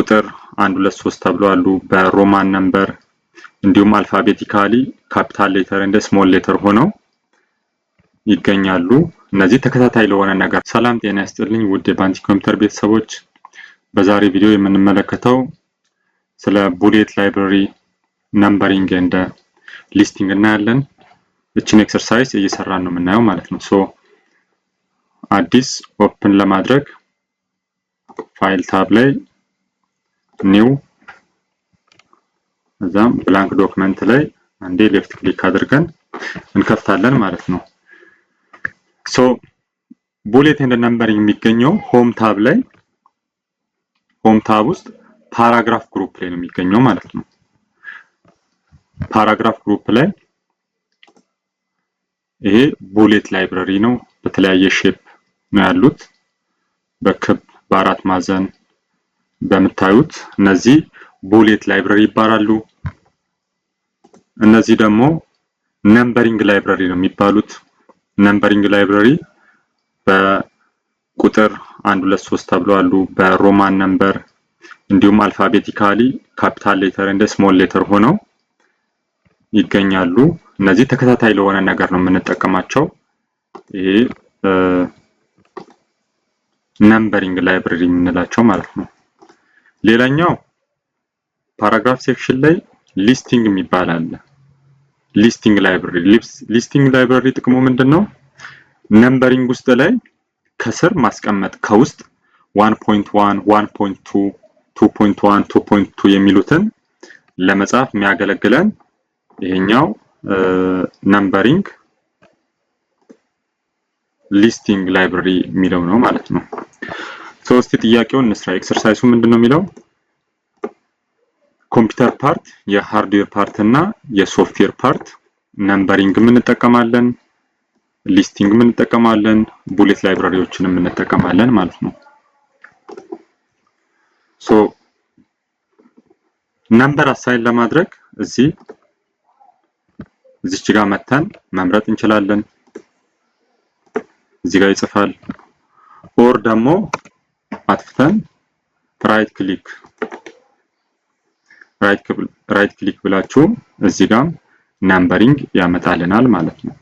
ቁጥር አንድ ሁለት ሶስት ተብሎ አሉ በሮማን ነምበር እንዲሁም አልፋቤቲካሊ ካፒታል ሌተር እንደ ስሞል ሌተር ሆነው ይገኛሉ። እነዚህ ተከታታይ ለሆነ ነገር ሰላም ጤና ያስጥልኝ ውድ የባንቲ ኮምፒውተር ቤተሰቦች፣ በዛሬ ቪዲዮ የምንመለከተው ስለ ቡሌት ላይብረሪ ነምበሪንግ እንደ ሊስቲንግ እናያለን። እችን ኤክሰርሳይዝ እየሰራን ነው የምናየው ማለት ነው። ሶ አዲስ ኦፕን ለማድረግ ፋይል ታብ ላይ ኒው እዛም ብላንክ ዶክመንት ላይ አንዴ ሌፍት ክሊክ አድርገን እንከፍታለን ማለት ነው። ሶ ቡሌት ኤንድ ነምበሪንግ የሚገኘው ሆም ታብ ላይ ሆም ታብ ውስጥ ፓራግራፍ ግሩፕ ላይ ነው የሚገኘው ማለት ነው። ፓራግራፍ ግሩፕ ላይ ይሄ ቡሌት ላይብረሪ ነው። በተለያየ ሼፕ ነው ያሉት በክብ በአራት ማዕዘን እንደምታዩት እነዚህ ቡሌት ላይብረሪ ይባላሉ። እነዚህ ደግሞ ነምበሪንግ ላይብረሪ ነው የሚባሉት። ነምበሪንግ ላይብረሪ በቁጥር አንድ ሁለት ሶስት ተብሎ አሉ። በሮማን ነምበር እንዲሁም አልፋቤቲካሊ ካፒታል ሌተር እንደ ስሞል ሌተር ሆነው ይገኛሉ። እነዚህ ተከታታይ ለሆነ ነገር ነው የምንጠቀማቸው። ይሄ ነምበሪንግ ላይብረሪ የምንላቸው ማለት ነው። ሌላኛው ፓራግራፍ ሴክሽን ላይ ሊስቲንግ የሚባል አለ። ሊስቲንግ ላይብረሪ ሊስቲንግ ላይብረሪ ጥቅሙ ምንድን ነው? ነምበሪንግ ውስጥ ላይ ከስር ማስቀመጥ ከውስጥ 1.1፣ 1.2፣ 2.1፣ 2.2 የሚሉትን ለመጻፍ የሚያገለግለን ይሄኛው ነምበሪንግ ሊስቲንግ ላይብረሪ የሚለው ነው ማለት ነው። ሶስት ጥያቄውን እንስራ። ኤክሰርሳይሱ ምንድን ነው የሚለው ኮምፒውተር ፓርት፣ የሃርድዌር ፓርት እና የሶፍትዌር ፓርት ነምበሪንግም እንጠቀማለን፣ ሊስቲንግም እንጠቀማለን፣ ቡሌት ላይብራሪዎችንም እንጠቀማለን ማለት ነው። ሶ ነምበር አሳይን ለማድረግ እዚህ እዚች ጋር መተን መምረጥ እንችላለን። እዚህ ጋር ይጽፋል ኦር ደግሞ አጥፍተን ራይት ክሊክ ራይት ክሊክ ብላችሁ እዚህ ጋር ናምበሪንግ ያመጣልናል ማለት ነው።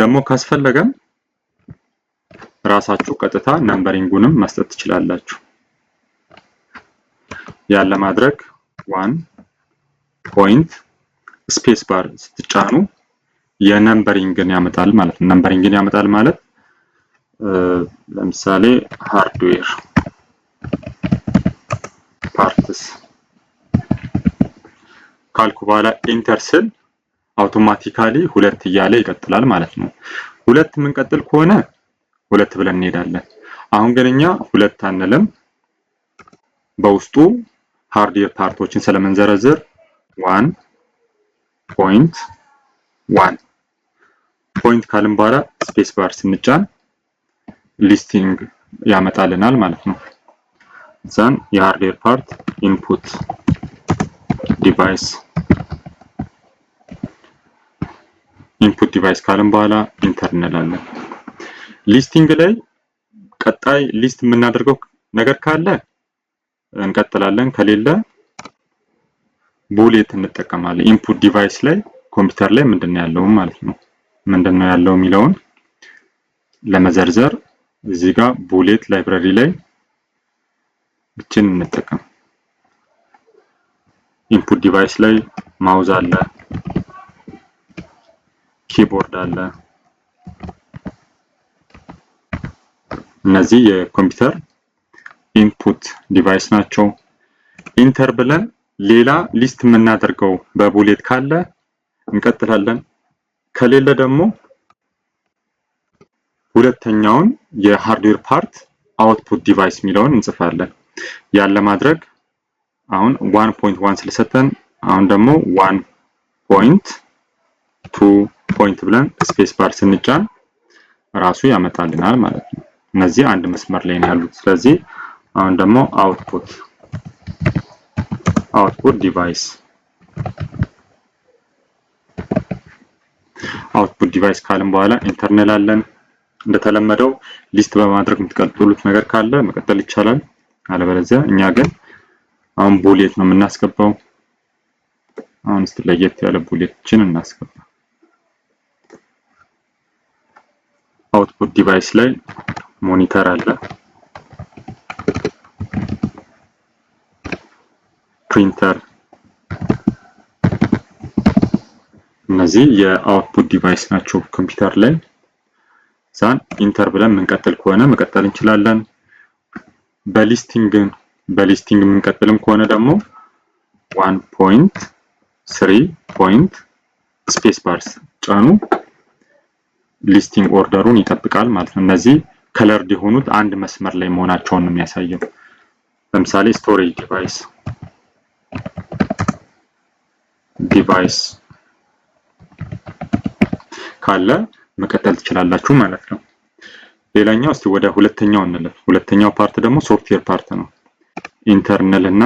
ደግሞ ካስፈለገም ራሳችሁ ቀጥታ ናምበሪንጉንም መስጠት ትችላላችሁ። ያለ ማድረግ ዋን ፖይንት ስፔስ ባር ስትጫኑ የነምበሪንግን ያመጣል ማለት ነው። ነምበሪንግን ያመጣል ማለት ለምሳሌ ሃርድዌር ፓርትስ ካልኩ በኋላ ኢንተር ስል አውቶማቲካሊ ሁለት እያለ ይቀጥላል ማለት ነው። ሁለት የምንቀጥል ከሆነ ሁለት ብለን እንሄዳለን። አሁን ግን እኛ ሁለት አንልም። በውስጡ ሃርድዌር ፓርቶችን ስለምንዘረዝር ዋን ፖይንት ዋን ፖይንት ካልን በኋላ ስፔስ ባር ስንጫን ሊስቲንግ ያመጣልናል ማለት ነው። ዘን የሃርድዌር ፓርት ኢንፑት ዲቫይስ ኢንፑት ዲቫይስ ካለን በኋላ ኢንተር እንላለን። ሊስቲንግ ላይ ቀጣይ ሊስት የምናደርገው ነገር ካለ እንቀጥላለን፣ ከሌለ ቡሌት እንጠቀማለን። ኢንፑት ዲቫይስ ላይ ኮምፒውተር ላይ ምንድን ነው ያለው ማለት ነው ምንድን ነው ያለው የሚለውን ለመዘርዘር እዚህ ጋር ቡሌት ላይብራሪ ላይ ብችን እንጠቀም። ኢንፑት ዲቫይስ ላይ ማውዝ አለ፣ ኪቦርድ አለ። እነዚህ የኮምፒውተር ኢንፑት ዲቫይስ ናቸው። ኢንተር ብለን ሌላ ሊስት የምናደርገው በቡሌት ካለ እንቀጥላለን፣ ከሌለ ደግሞ ሁለተኛውን የሃርድዌር ፓርት አውትፑት ዲቫይስ የሚለውን እንጽፋለን። ያን ለማድረግ አሁን ዋን ፖይንት ዋን ስለሰጠን አሁን ደግሞ ዋን ፖይንት ቱ ፖይንት ብለን ስፔስ ባር ስንጫን ራሱ ያመጣልናል ማለት ነው። እነዚህ አንድ መስመር ላይ ነው ያሉት። ስለዚህ አሁን ደግሞ አውትፑት አውትፑት ዲቫይስ አውትፑት ዲቫይስ ካልን በኋላ ኢንተርኔል አለን እንደተለመደው ሊስት በማድረግ የምትቀጥሉት ነገር ካለ መቀጠል ይቻላል። አለበለዚያ እኛ ግን አሁን ቡሌት ነው የምናስገባው። አሁን እስቲ ለየት ያለ ቡሌቶችን እናስገባ። አውትፑት ዲቫይስ ላይ ሞኒተር አለ፣ ፕሪንተር እነዚህ የአውትፑት ዲቫይስ ናቸው ኮምፒውተር ላይ ዛን ኢንተር ብለን የምንቀጥል ከሆነ መቀጠል እንችላለን። በሊስቲንግ በሊስቲንግ የምንቀጥልም ከሆነ ደግሞ ዋን ፖይንት ስሪ ፖይንት ስፔስ ባርስ ጫኑ። ሊስቲንግ ኦርደሩን ይጠብቃል ማለት ነው። እነዚህ ከለርድ የሆኑት አንድ መስመር ላይ መሆናቸውን ነው የሚያሳየው። ለምሳሌ ስቶሬጅ ዲቫይስ ዲቫይስ ካለ መቀጠል ትችላላችሁ ማለት ነው። ሌላኛው እስቲ ወደ ሁለተኛው እንለፍ። ሁለተኛው ፓርት ደግሞ ሶፍትዌር ፓርት ነው። ኢንተርናል እና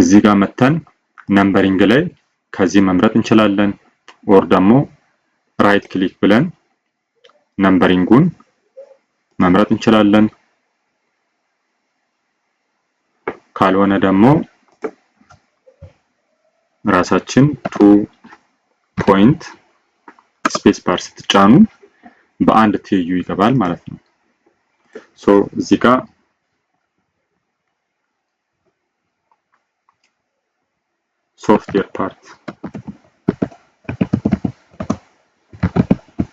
እዚህ ጋር መተን ነምበሪንግ ላይ ከዚህ መምረጥ እንችላለን። ኦር ደግሞ ራይት ክሊክ ብለን ነምበሪንጉን መምረጥ እንችላለን። ካልሆነ ደግሞ ራሳችን ቱ ፖይንት ስፔስ ባር ስትጫኑ በአንድ ትይዩ ይገባል ማለት ነው። ሶ እዚህ ጋር ሶፍትዌር ፓርት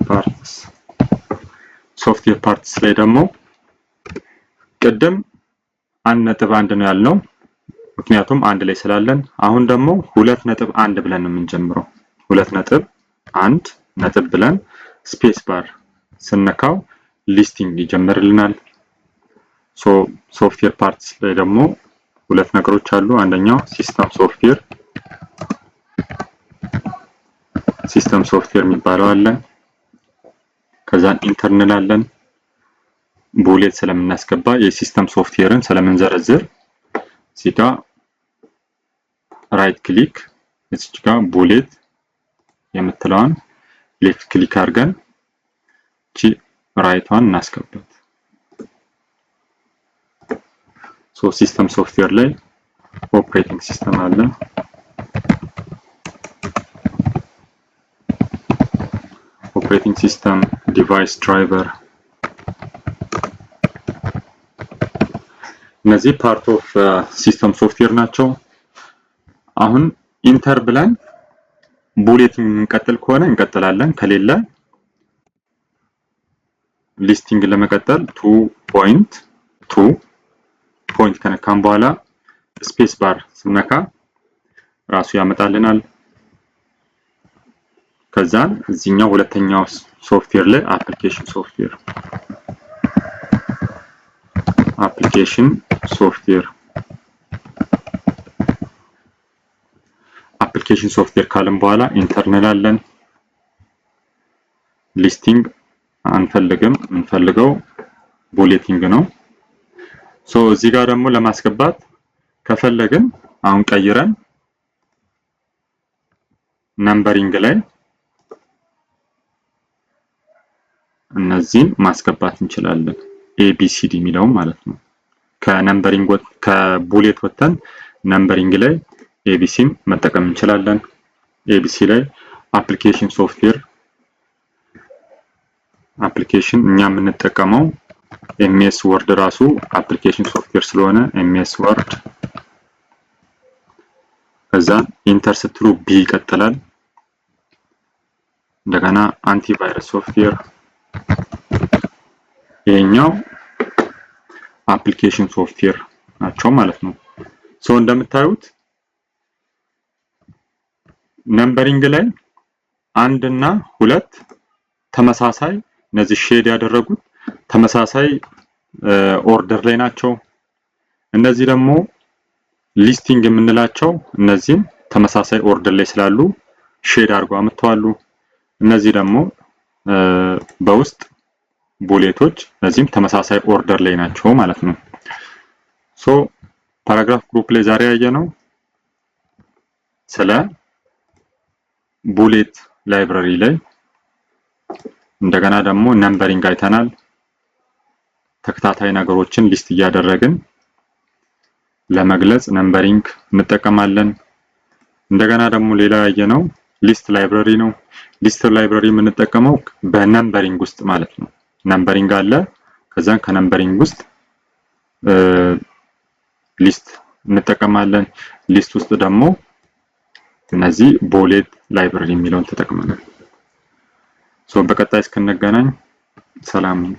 ፓርትስ ሶፍትዌር ፓርትስ ላይ ደግሞ ቅድም አንድ ነጥብ አንድ ነው ያልነው፣ ምክንያቱም አንድ ላይ ስላለን። አሁን ደግሞ ሁለት ነጥብ አንድ ብለን ነው የምንጀምረው። ሁለት ነጥብ አንድ ነጥብ ብለን ስፔስ ባር ስነካው ሊስቲንግ ይጀምርልናል። ሶፍትዌር ፓርትስ ላይ ደግሞ ሁለት ነገሮች አሉ። አንደኛው ሲስተም ሶፍትዌር ሲስተም ሶፍትዌር የሚባለው አለ። ከዛን ኢንተር እንላለን። ቡሌት ስለምናስገባ የሲስተም ሶፍትዌርን ስለምንዘረዝር እዚህ ጋ ራይት ክሊክ እዚህ ጋ ቡሌት የምትለዋን ሌፍት ክሊክ አድርገን እቺ ራይቷን እናስገባት። ሶ ሲስተም ሶፍትዌር ላይ ኦፕሬቲንግ ሲስተም አለ። ኦፕሬቲንግ ሲስተም ዲቫይስ ድራይቨር እነዚህ ፓርት ኦፍ uh, ሲስተም ሶፍትዌር ናቸው። አሁን ኢንተር ብለን ቡሌት እንቀጥል ከሆነ እንቀጥላለን፣ ከሌለ ሊስቲንግ ለመቀጠል ቱ ፖይንት ቱ ፖይንት ከነካም በኋላ ስፔስ ባር ስነካ ራሱ ያመጣልናል። ከዛን እዚኛው ሁለተኛው ሶፍትዌር ላይ አፕሊኬሽን ሶፍትዌር አፕሊኬሽን ሶፍትዌር አፕሊኬሽን ሶፍትዌር ካለን በኋላ ኢንተር እንላለን። ሊስቲንግ አንፈልግም። የምንፈልገው ቡሌቲንግ ነው። ሶ እዚህ ጋር ደግሞ ለማስገባት ከፈለግን አሁን ቀይረን ነምበሪንግ ላይ እነዚህን ማስገባት እንችላለን። ኤቢሲዲ የሚለው ማለት ነው። ከነምበሪንግ ከቡሌት ወጥተን ነምበሪንግ ላይ ኤቢሲም መጠቀም እንችላለን። ኤቢሲ ላይ አፕሊኬሽን ሶፍትዌር አፕሊኬሽን እኛ የምንጠቀመው ኤምኤስ ወርድ ራሱ አፕሊኬሽን ሶፍትዌር ስለሆነ ኤምኤስ ወርድ ከዛ ኢንተር ስትሉ ቢ ይቀጥላል። እንደገና አንቲቫይረስ ሶፍትዌር ይሄኛው አፕሊኬሽን ሶፍትዌር ናቸው ማለት ነው። ሰው እንደምታዩት ነምበሪንግ ላይ አንድ እና ሁለት ተመሳሳይ እነዚህ ሼድ ያደረጉት ተመሳሳይ ኦርደር ላይ ናቸው። እነዚህ ደግሞ ሊስቲንግ የምንላቸው እነዚህም ተመሳሳይ ኦርደር ላይ ስላሉ ሼድ አድርገው አምጥተዋሉ። እነዚህ ደግሞ በውስጥ ቡሌቶች እነዚህም ተመሳሳይ ኦርደር ላይ ናቸው ማለት ነው። ሶ ፓራግራፍ ግሩፕ ላይ ዛሬ ያየ ነው ስለ ቡሌት ላይብረሪ ላይ እንደገና ደግሞ ነምበሪንግ አይተናል። ተከታታይ ነገሮችን ሊስት እያደረግን ለመግለጽ ነምበሪንግ እንጠቀማለን። እንደገና ደግሞ ሌላ ያየነው ሊስት ላይብረሪ ነው። ሊስት ላይብረሪ የምንጠቀመው በነምበሪንግ ውስጥ ማለት ነው። ነምበሪንግ አለ። ከዛን ከነምበሪንግ ውስጥ ሊስት እንጠቀማለን። ሊስት ውስጥ ደግሞ እነዚህ ቦሌት ላይብረሪ የሚለውን ተጠቅመናል። በቀጣይ እስክንገናኝ ሰላም ነው።